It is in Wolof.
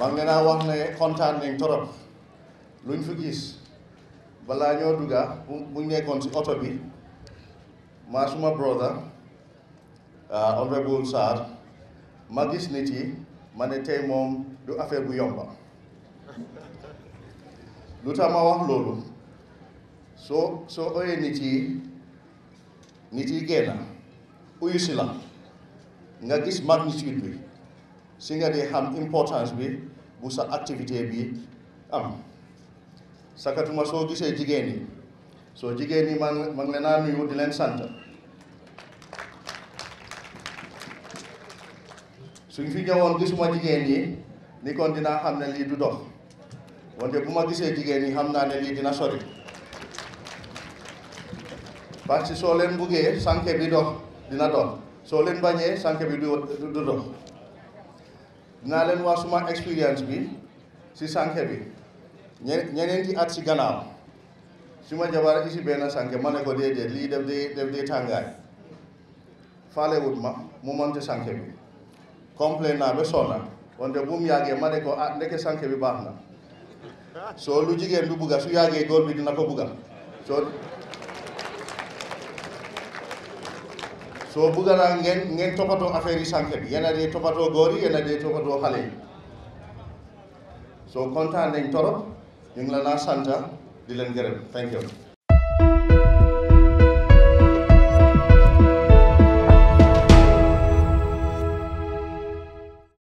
man nga naa wax ne kontaan nañ torop luñ fi gis balaa ñoo dugga buñ nekkoon si oto bi ma suma brother ah, honorable Sarr ma gis nit yi ma ne tey moom du affaire bu yomba lu tax ma wax loolu soo soo oyee nit yi nit yi génn uyu la nga gis magnitude bi si de ham importance bi bu sa activité bi am sakatuma so gisee jigéen yi so jigéen yi man man leen naa nuyu di leen sant suñ fi ñëwoon gisuma jigéen yi ni kon dinaa xam ne lii du dox wante bu ma jigéen yi xam naa ne dina sori parce que soo leen buggee sànke bi dox dina dox soo leen bañee bi du dox dinaa leen wax suma expérience bi si sànke bi ñeneenti at si gannaaw su ma jabar isi benn sànke ma ne ko déedéet lii def dee def dee tàngaay faalewut ma mu monte sànke bi complain naa ba sonna wante bu mu yàggee ma ne ko ah ndeke sànke bi baax na soo lu jigéen du bugga su yàggee góor bi dina ko bugga soo soo bëgg naa ngeen ngeen toppatoo affaire yi sànq bi yéen a dee toppatoo góor yi a dee toppatoo xale yi soo kontaan nañ torop ñu ngi naa sant di leen gërëm thank you